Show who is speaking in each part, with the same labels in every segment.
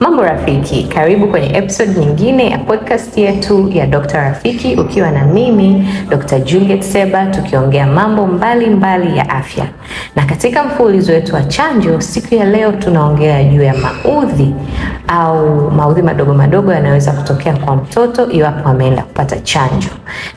Speaker 1: Mambo rafiki, karibu kwenye episode nyingine ya podcast yetu ya Dr. Rafiki ukiwa na mimi Dr. Juliet Seba tukiongea mambo mbalimbali mbali ya afya. Na katika mfululizo wetu wa chanjo, siku ya leo tunaongea juu ya maudhi au maudhi madogo madogo yanaweza kutokea kwa mtoto iwapo ameenda kupata chanjo,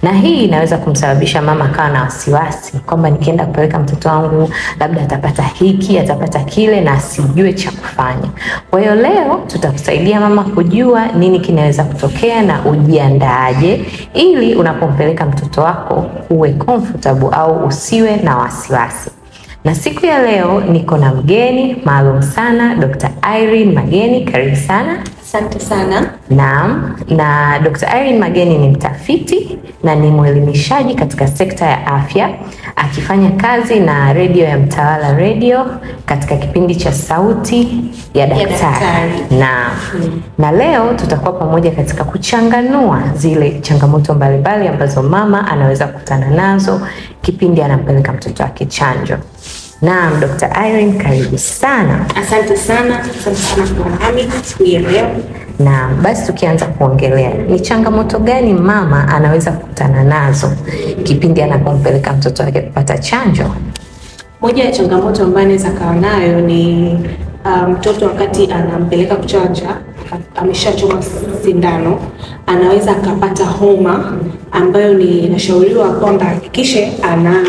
Speaker 1: na hii inaweza kumsababisha mama akawa na wasiwasi kwamba nikienda kupeleka mtoto wangu labda atapata hiki, atapata kile, na asijue cha kufanya. Kwa hiyo leo tutakusaidia mama kujua nini kinaweza kutokea na ujiandaaje, ili unapompeleka mtoto wako uwe comfortable au usiwe na wasiwasi na siku ya leo niko na mgeni maalum sana Dr. Irene Mageni, karibu sana. Asante sana. Naam, na Dr. Irene Mageni ni mtafiti na ni mwelimishaji katika sekta ya afya akifanya kazi na redio ya Mtawala Redio katika kipindi cha Sauti ya Daktari na, mm. na leo tutakuwa pamoja katika kuchanganua zile changamoto mbalimbali ambazo mama anaweza kukutana nazo kipindi anampeleka mtoto wake chanjo. Naam, Dr. Irene karibu sana.
Speaker 2: Asante sana, asante sana kwa nami kuielewa.
Speaker 1: Naam, basi tukianza kuongelea ni changamoto gani mama anaweza kukutana nazo kipindi anapompeleka mtoto wake kupata chanjo?
Speaker 2: Moja ya changamoto ambayo anaweza kawa nayo ni uh, mtoto um, wakati anampeleka kuchanja ameshachoma sindano, anaweza akapata homa ambayo ni inashauriwa kwamba hakikishe ana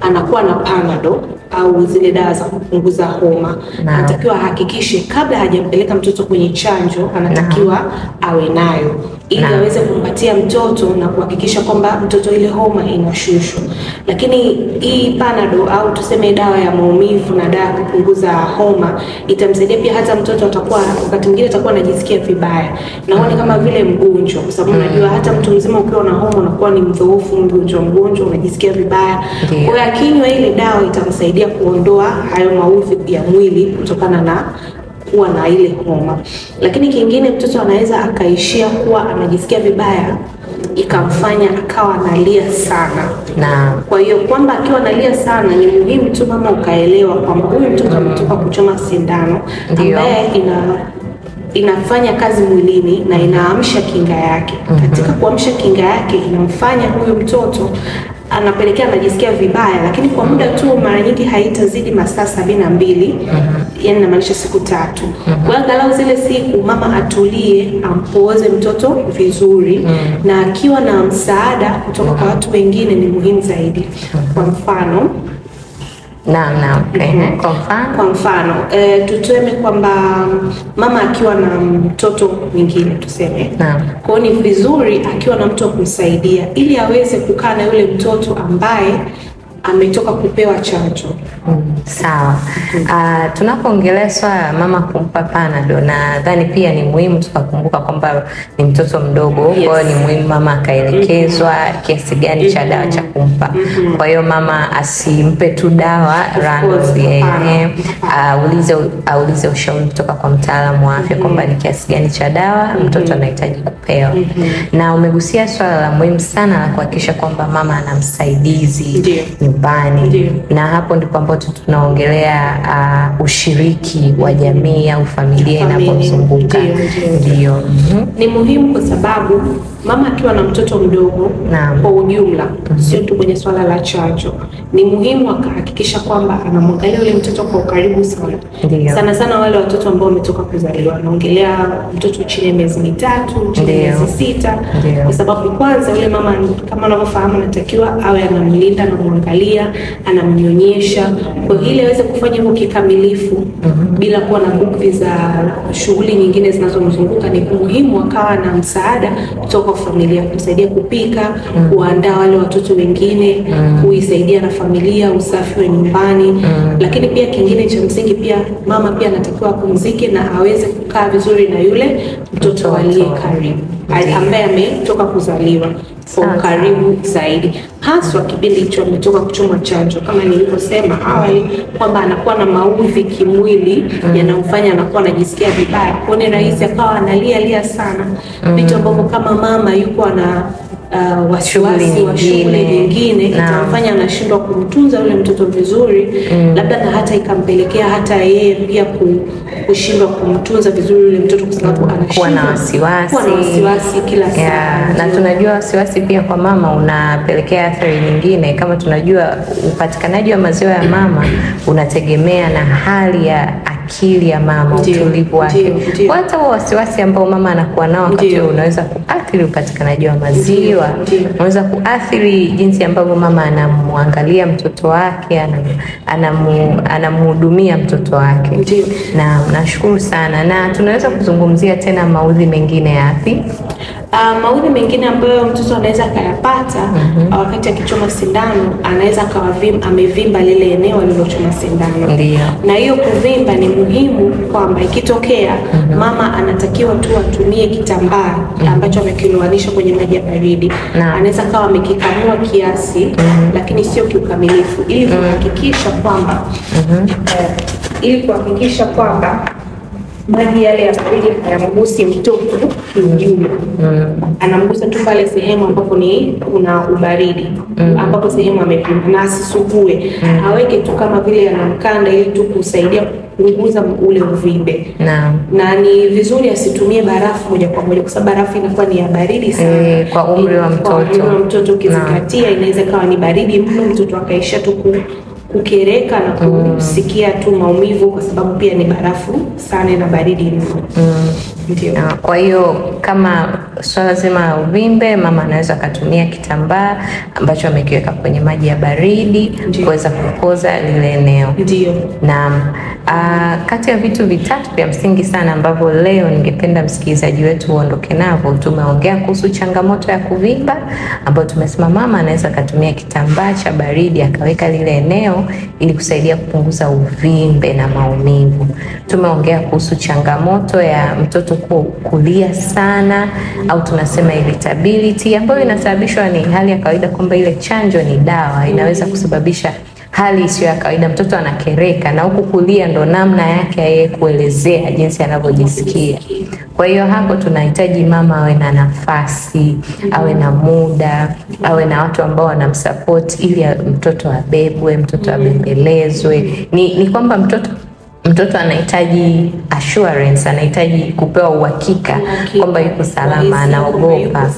Speaker 2: anakuwa na panado au zile dawa za kupunguza homa anatakiwa ahakikishe kabla hajampeleka mtoto kwenye chanjo, anatakiwa awe nayo ili aweze kumpatia mtoto na kuhakikisha kwamba mtoto ile homa inashushwa. Lakini hii panado au tuseme dawa ya maumivu na dawa ya kupunguza homa itamsaidia pia, hata mtoto atakuwa wakati mwingine atakuwa anajisikia vibaya, naona kama vile mgonjwa, kwa sababu mm. unajua hata mtu mzima ukiwa na homa unakuwa ni mdhoofu, mgonjwa mgonjwa, unajisikia vibaya. Kwa hiyo akinywa ile dawa itamsaidia kuondoa hayo maudhi ya mwili kutokana na kuwa na ile homa. Lakini kingine, mtoto anaweza akaishia kuwa anajisikia vibaya ikamfanya akawa analia sana na. Kwa hiyo kwamba akiwa analia sana, ni muhimu tu mama ukaelewa kwamba huyu mtoto mm. ametoka kuchoma sindano ambaye ina inafanya kazi mwilini na mhm. inaamsha kinga yake. Mhm. Katika kuamsha kinga yake, inamfanya huyu mtoto anapelekea anajisikia vibaya, lakini kwa muda tu, mara nyingi haitazidi masaa sabini na mbili mhm. yani namaanisha siku tatu. Kwa angalau zile siku mama atulie, ampooze mtoto vizuri, na akiwa na msaada kutoka kwa watu wengine ni muhimu zaidi. Kwa mfano Naam, naam. Mhm. Eh, kwa mfano, kwa mfano e, tuseme kwamba mama akiwa na mtoto mwingine tuseme, kwao kwa ni vizuri akiwa na mtu wa kumsaidia ili aweze kukaa na yule mtoto ambaye ametoka kupewa chanjo. Mm, sawa. Mm. Uh,
Speaker 1: tunapoongelea swala la mama kumpa panado, nadhani pia ni muhimu tukakumbuka kwamba ni mtoto mdogo, yes. Kwa hiyo ni muhimu mama akaelekezwa mm -hmm. kiasi gani mm -hmm. cha dawa cha mm-hmm. kumpa mm -hmm. Kwa hiyo mama asimpe tu dawa random yeye, eh, aulize aulize ushauri kutoka kwa mtaalamu wa afya mm -hmm. kwamba mm-hmm. ni kiasi gani cha dawa mm -hmm. mtoto anahitaji kupewa mm -hmm. na umegusia swala la muhimu sana la kuhakikisha kwamba mama ana msaidizi nyumbani, na hapo ndipo ambapo tunaongelea uh, ushiriki wa jamii au familia inapozunguka. Ndio, mhm.
Speaker 2: ni muhimu kwa sababu mama akiwa na mtoto mdogo kwa ujumla, sio tu kwenye swala la chanjo, ni muhimu akahakikisha kwamba anamwangalia yule mtoto kwa ukaribu sana. Ndiyo. Sana sana wale watoto ambao wametoka kuzaliwa, anaongelea mtoto chini ya miezi mitatu, chini ya miezi sita, kwa sababu kwanza yule mama kama anavyofahamu, anatakiwa awe anamlinda, anamwangalia, anamnyonyesha, kwa hiyo ili aweze kufanya hivyo kikamilifu mm-hmm. bila kuwa na bugdhi za shughuli nyingine zinazomzunguka, ni muhimu akawa na msaada kutoka kwa familia, kumsaidia kupika, mm. kuandaa wale watoto wengine, mm. kuisaidia na familia, usafi wa nyumbani. Mm. Lakini pia kingine cha msingi, pia mama pia anatakiwa apumzike na aweze kukaa vizuri na yule mtoto aliye karibu ambaye ametoka kuzaliwa kwa ukaribu zaidi haswa kipindi hicho ametoka kuchomwa chanjo, kama nilivyosema awali kwamba anakuwa na maumivu kimwili mm. anakuwa anajisikia vibaya, kuone rahisi akawa analia lia sana, vitu mm. ambavyo kama mama yuko ana uh, wasiwasi wa shughuli nyingine itamfanya anashindwa kumtunza yule mtoto vizuri mm. labda na hata ikampelekea hata yeye pia kushindwa kumtunza vizuri yule mtoto kwa sababu anashindwa na wasiwasi na wasiwasi kila yeah.
Speaker 1: saa. Na tunajua wasiwasi pia kwa mama unapelekea athari nyingine, kama tunajua upatikanaji wa maziwa ya mama unategemea na hali ya akili ya mama, utulivu wake, hata huo wasiwasi ambao mama anakuwa nao wakati huo unaweza kuathiri upatikanaji wa maziwa, unaweza kuathiri jinsi ambavyo mama anamwangalia mtoto wake, anamhudumia mtoto wake. Na nashukuru sana, na tunaweza kuzungumzia tena maudhi mengine yapi?
Speaker 2: Uh, maudhi mengine ambayo mtoto anaweza akayapata mm -hmm. Wakati akichoma sindano anaweza akawa amevimba lile eneo alilochoma sindano. Ndiyo. Na hiyo kuvimba ni muhimu kwamba ikitokea mm -hmm. Mama anatakiwa tu atumie kitambaa mm -hmm. ambacho amekiloanisha kwenye maji ya baridi, anaweza akawa amekikamua kiasi mm -hmm. lakini sio kiukamilifu, ili mhm. kuhakikisha kwamba mm -hmm. eh, ili kuhakikisha kwamba maji yale ya baridi hayamgusi mtoto kiujumla, mm. anamgusa tu pale sehemu ambapo ni kuna ubaridi mm. ambapo sehemu amepima, na asisugue mm. aweke tu kama vile anamkanda, ili tu kusaidia kupunguza ule uvimbe na, na ni vizuri asitumie barafu moja kwa moja, kwa sababu barafu inakuwa ni ya baridi eh, sana e, kwa umri wa mtoto, ukizingatia inaweza ikawa ni baridi mno, mtoto akaisha tu kukereka na mm. kusikia tu maumivu, kwa sababu pia ni barafu sana na baridi mno. Mm. Ndio. Ah, kwa hiyo kama
Speaker 1: swala so zima la uvimbe, mama anaweza akatumia kitambaa ambacho amekiweka kwenye maji ya baridi kuweza kupoza lile eneo. Ndio. Naam. Ah, kati ya vitu vitatu vya msingi sana ambavyo leo ningependa msikilizaji wetu uondoke navyo, tumeongea kuhusu changamoto ya kuvimba ambayo tumesema mama anaweza akatumia kitambaa cha baridi akaweka lile eneo ili kusaidia kupunguza uvimbe na maumivu. Tumeongea kuhusu changamoto ya mtoto kulia sana au tunasema irritability ambayo inasababishwa ni hali ya kawaida kwamba ile chanjo ni dawa, inaweza kusababisha hali isiyo ya kawaida, mtoto anakereka na huku kulia ndo namna yake yeye kuelezea jinsi anavyojisikia. Kwa hiyo hapo tunahitaji mama awe na nafasi, awe na muda, awe na watu ambao wanamsupport ili mtoto abebwe, mtoto abembelezwe. Ni, ni kwamba mtoto mtoto anahitaji assurance, anahitaji kupewa uhakika kwamba yuko salama, anaogopa.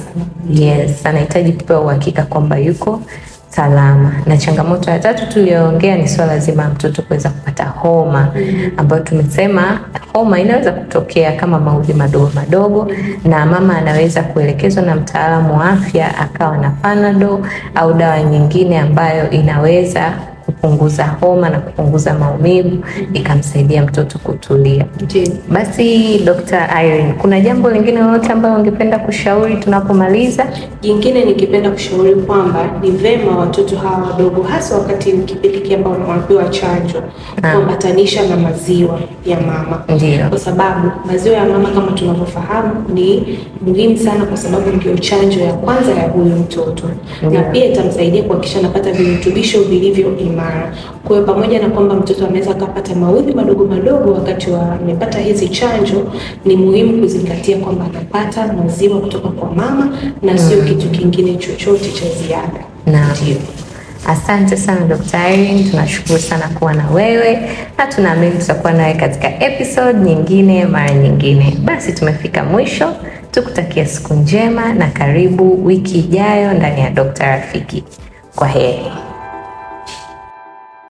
Speaker 1: Yes, anahitaji kupewa uhakika kwamba yuko salama. Na changamoto ya tatu tuliyoongea ni swala zima ya mtoto kuweza kupata homa, mm. ambayo tumesema homa inaweza kutokea kama maudhi madogo madogo, mm. na mama anaweza kuelekezwa na mtaalamu wa afya akawa na panado au dawa nyingine ambayo inaweza kupunguza homa na kupunguza maumivu, ikamsaidia mtoto kutulia. Basi Dr. Irene, kuna jambo lingine lolote ambalo ungependa kushauri tunapomaliza?
Speaker 2: Jingine nikipenda kushauri kwamba ni vema watoto hawa wadogo, hasa wakati kipindi kile ambao wanapewa chanjo, ah. kuambatanisha na maziwa ya mama. Ndiyo. Kwa sababu maziwa ya mama kama tunavyofahamu ni muhimu sana, kwa sababu ndio chanjo ya kwanza ya huyu mtoto, na pia itamsaidia kuhakikisha anapata virutubisho vilivyo imara. Kwa hiyo pamoja na kwamba mtoto anaweza akapata maudhi madogo madogo wakati wa amepata hizi chanjo, ni muhimu kuzingatia kwamba anapata maziwa kutoka kwa mama na sio mm. kitu kingine chochote cha ziada.
Speaker 1: Ndio. Asante sana Dr. Irene, tunashukuru sana kuwa na wewe na tunaamini tutakuwa nawe katika episode nyingine mara nyingine. Basi tumefika mwisho, tukutakia siku njema na karibu wiki ijayo ndani ya Dr. Rafiki. Kwa heri.